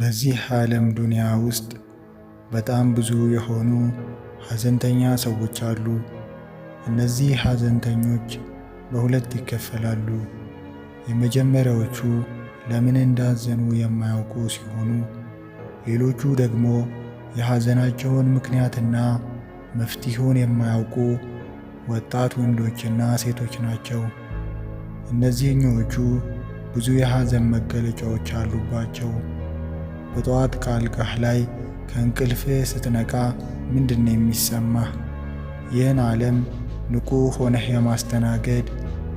በዚህ ዓለም ዱንያ ውስጥ በጣም ብዙ የሆኑ ሐዘንተኛ ሰዎች አሉ። እነዚህ ሐዘንተኞች በሁለት ይከፈላሉ። የመጀመሪያዎቹ ለምን እንዳዘኑ የማያውቁ ሲሆኑ፣ ሌሎቹ ደግሞ የሐዘናቸውን ምክንያትና መፍትሄውን የማያውቁ ወጣት ወንዶችና ሴቶች ናቸው። እነዚህኞቹ ብዙ የሐዘን መገለጫዎች አሉባቸው። በጠዋት ከአልጋህ ላይ ከእንቅልፍህ ስትነቃ ምንድን የሚሰማህ? ይህን ዓለም ንቁ ሆነህ የማስተናገድ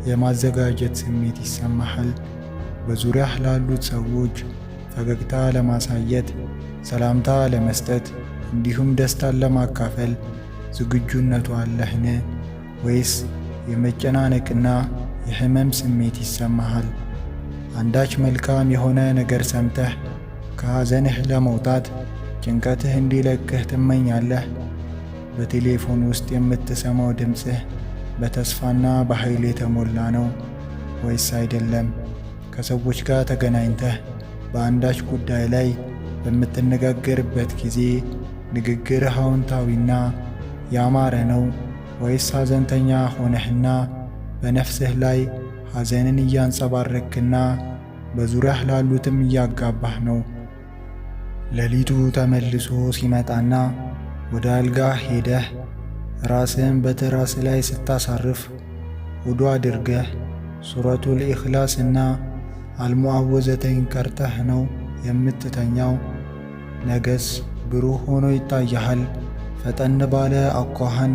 የማዘጋጀት ስሜት ይሰማሃል። በዙሪያህ ላሉት ሰዎች ፈገግታ ለማሳየት፣ ሰላምታ ለመስጠት እንዲሁም ደስታን ለማካፈል ዝግጁነቱ አለህን? ወይስ የመጨናነቅና የህመም ስሜት ይሰማሃል? አንዳች መልካም የሆነ ነገር ሰምተህ ከሐዘንህ ለመውጣት ጭንቀትህ እንዲለቅህ ትመኛለህ። በቴሌፎን ውስጥ የምትሰማው ድምፅህ በተስፋና በኃይል የተሞላ ነው ወይስ አይደለም? ከሰዎች ጋር ተገናኝተህ በአንዳች ጉዳይ ላይ በምትነጋገርበት ጊዜ ንግግርህ አዎንታዊና ያማረ ነው ወይስ ሐዘንተኛ ሆነህና በነፍስህ ላይ ሐዘንን እያንጸባረክና በዙሪያህ ላሉትም እያጋባህ ነው? ሌሊቱ ተመልሶ ሲመጣና ወደ አልጋህ ሄደህ ራስህን በትራስ ላይ ስታሳርፍ ውዱ አድርገህ ሱረቱል ኢኽላስ እና አልሙዓወዘተይን ቀርተህ ነው የምትተኛው። ነገስ ብሩህ ሆኖ ይታያሃል። ፈጠን ባለ አኳኋን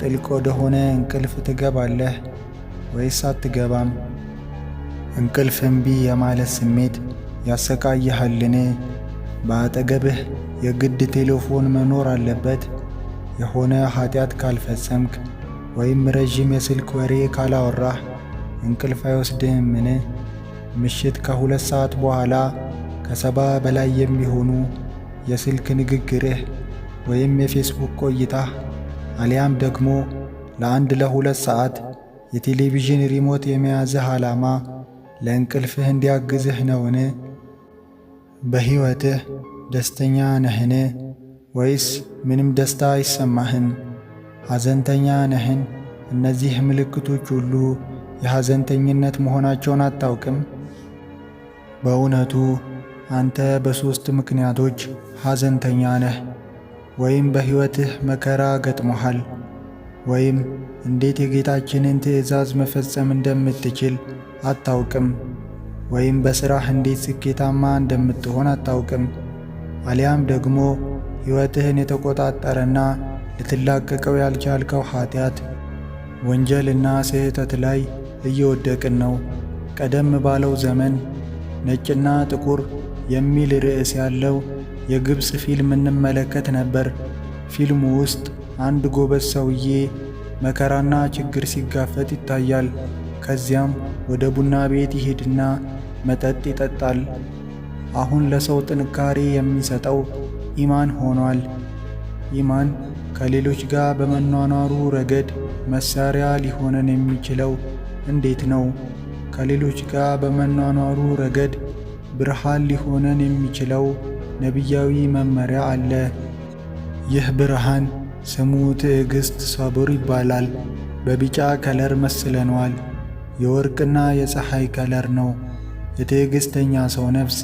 ጥልቅ ወደሆነ እንቅልፍ ትገባለህ ወይስ አትገባም? እንቅልፍ እምቢ የማለት ስሜት ያሰቃይሃልን? በአጠገብህ የግድ ቴሌፎን መኖር አለበት። የሆነ ኃጢአት ካልፈጸምክ ወይም ረዥም የስልክ ወሬ ካላወራህ እንቅልፍ ምን ምሽት ከሁለት ሰዓት በኋላ ከሰባ በላይ የሚሆኑ የስልክ ንግግርህ ወይም የፌስቡክ ቆይታህ አሊያም ደግሞ ለአንድ ለሁለት ሰዓት የቴሌቪዥን ሪሞት የመያዝህ ዓላማ ለእንቅልፍህ እንዲያግዝህ ነውን? በሕይወትህ ደስተኛ ነህን? ወይስ ምንም ደስታ አይሰማህም? ሐዘንተኛ ነህን? እነዚህ ምልክቶች ሁሉ የሐዘንተኝነት መሆናቸውን አታውቅም። በእውነቱ አንተ በሦስት ምክንያቶች ሐዘንተኛ ነህ። ወይም በሕይወትህ መከራ ገጥሞሃል፣ ወይም እንዴት የጌታችንን ትእዛዝ መፈጸም እንደምትችል አታውቅም። ወይም በሥራህ እንዴት ስኬታማ እንደምትሆን አታውቅም። አሊያም ደግሞ ሕይወትህን የተቆጣጠረና ልትላቀቀው ያልቻልከው ኃጢአት፣ ወንጀልና ስህተት ላይ እየወደቅን ነው። ቀደም ባለው ዘመን ነጭና ጥቁር የሚል ርዕስ ያለው የግብፅ ፊልም እንመለከት ነበር። ፊልሙ ውስጥ አንድ ጎበዝ ሰውዬ መከራና ችግር ሲጋፈጥ ይታያል። ከዚያም ወደ ቡና ቤት ይሄድና መጠጥ ይጠጣል። አሁን ለሰው ጥንካሬ የሚሰጠው ኢማን ሆኗል። ኢማን ከሌሎች ጋር በመኗኗሩ ረገድ መሳሪያ ሊሆነን የሚችለው እንዴት ነው? ከሌሎች ጋር በመኗኗሩ ረገድ ብርሃን ሊሆነን የሚችለው ነቢያዊ መመሪያ አለ። ይህ ብርሃን ስሙ ትዕግሥት ሰብር ይባላል። በቢጫ ከለር መስለነዋል። የወርቅና የፀሐይ ከለር ነው። የትዕግሥተኛ ሰው ነፍስ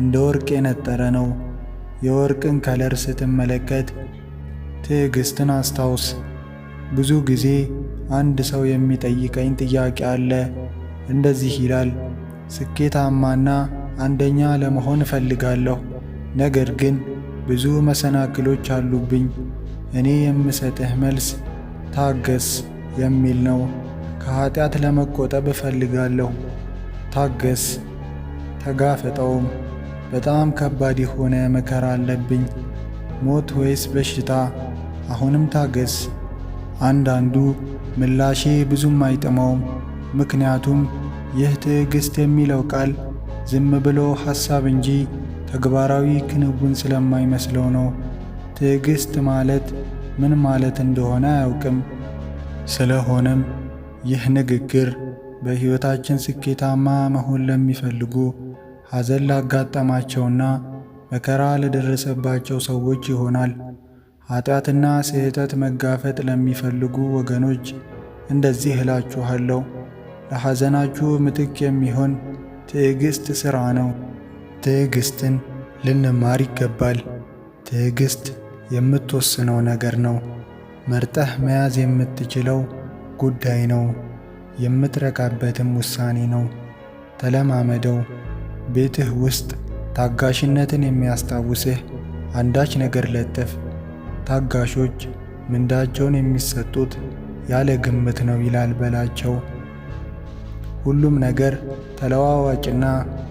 እንደ ወርቅ የነጠረ ነው። የወርቅን ከለር ስትመለከት ትዕግሥትን አስታውስ። ብዙ ጊዜ አንድ ሰው የሚጠይቀኝ ጥያቄ አለ። እንደዚህ ይላል፣ ስኬታማና አንደኛ ለመሆን እፈልጋለሁ፣ ነገር ግን ብዙ መሰናክሎች አሉብኝ። እኔ የምሰጥህ መልስ ታገስ የሚል ነው። ከኃጢአት ለመቆጠብ እፈልጋለሁ። ታገስ። ተጋፈጠውም። በጣም ከባድ የሆነ መከራ አለብኝ። ሞት ወይስ በሽታ? አሁንም ታገስ። አንዳንዱ ምላሼ ብዙም አይጥመውም፣ ምክንያቱም ይህ ትዕግስት የሚለው ቃል ዝም ብሎ ሐሳብ እንጂ ተግባራዊ ክንውን ስለማይመስለው ነው። ትዕግስት ማለት ምን ማለት እንደሆነ አያውቅም። ስለሆነም ይህ ንግግር በሕይወታችን ስኬታማ መሆን ለሚፈልጉ ሐዘን ላጋጠማቸውና መከራ ለደረሰባቸው ሰዎች ይሆናል። ኃጢአትና ስህተት መጋፈጥ ለሚፈልጉ ወገኖች እንደዚህ እላችኋለሁ፣ ለሐዘናችሁ ምትክ የሚሆን ትዕግሥት ሥራ ነው። ትዕግሥትን ልንማር ይገባል። ትዕግሥት የምትወስነው ነገር ነው። መርጠህ መያዝ የምትችለው ጉዳይ ነው። የምትረካበትም ውሳኔ ነው። ተለማመደው። ቤትህ ውስጥ ታጋሽነትን የሚያስታውስህ አንዳች ነገር ለጥፍ። ታጋሾች ምንዳቸውን የሚሰጡት ያለ ግምት ነው ይላል በላቸው። ሁሉም ነገር ተለዋዋጭና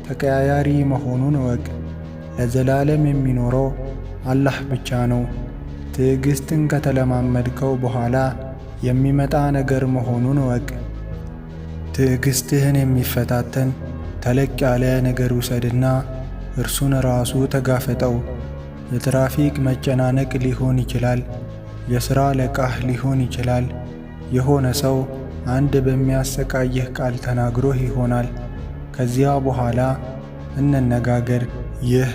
ተቀያያሪ መሆኑን እወቅ። ለዘላለም የሚኖረው አላህ ብቻ ነው። ትዕግስትን ከተለማመድከው በኋላ የሚመጣ ነገር መሆኑን እወቅ። ትዕግስትህን የሚፈታተን ተለቅ ያለ ነገር ውሰድና እርሱን ራሱ ተጋፈጠው። የትራፊክ መጨናነቅ ሊሆን ይችላል፣ የሥራ አለቃህ ሊሆን ይችላል። የሆነ ሰው አንድ በሚያሰቃይህ ቃል ተናግሮህ ይሆናል። ከዚያ በኋላ እንነጋገር። ይህ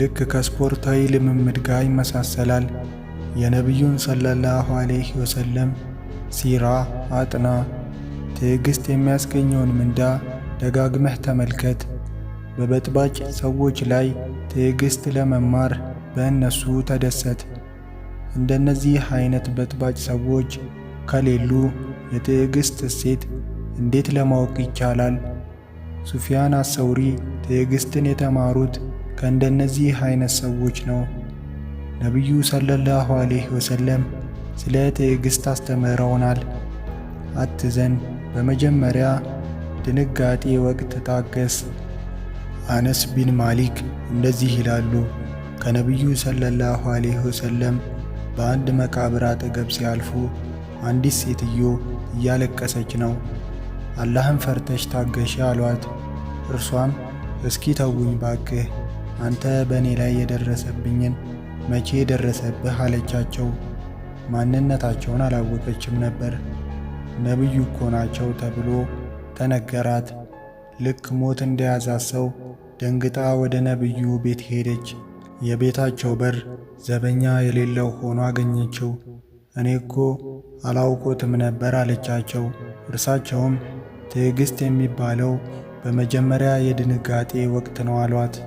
ልክ ከስፖርታዊ ልምምድ ጋር ይመሳሰላል። የነቢዩን ሰለላሁ ዐለይሂ ወሰለም ሲራ አጥና። ትዕግሥት የሚያስገኘውን ምንዳ ደጋግመህ ተመልከት። በበጥባጭ ሰዎች ላይ ትዕግሥት ለመማር በእነሱ ተደሰት። እንደነዚህ አይነት በጥባጭ ሰዎች ከሌሉ የትዕግሥት እሴት እንዴት ለማወቅ ይቻላል? ሱፊያን አሰውሪ ትዕግሥትን የተማሩት ከእንደነዚህ አይነት ሰዎች ነው። ነቢዩ ሰለላሁ ዐለይሂ ወሰለም ስለ ትዕግሥት አስተምረውናል። አትዘን በመጀመሪያ ድንጋጤ ወቅት ታገስ። አነስ ቢን ማሊክ እንደዚህ ይላሉ። ከነቢዩ ሰለላሁ ዐለይሂ ወሰለም በአንድ መቃብር አጠገብ ሲያልፉ አንዲት ሴትዮ እያለቀሰች ነው። አላህን ፈርተሽ ታገሺ አሏት። እርሷም እስኪ ተውኝ ባክህ አንተ በእኔ ላይ የደረሰብኝን መቼ የደረሰብህ አለቻቸው። ማንነታቸውን አላወቀችም ነበር። ነቢዩ እኮ ናቸው ተብሎ ተነገራት። ልክ ሞት እንደያዛት ሰው ደንግጣ ወደ ነቢዩ ቤት ሄደች። የቤታቸው በር ዘበኛ የሌለው ሆኖ አገኘችው። እኔ እኮ አላውቆትም ነበር አለቻቸው። እርሳቸውም ትዕግሥት የሚባለው በመጀመሪያ የድንጋጤ ወቅት ነው አሏት።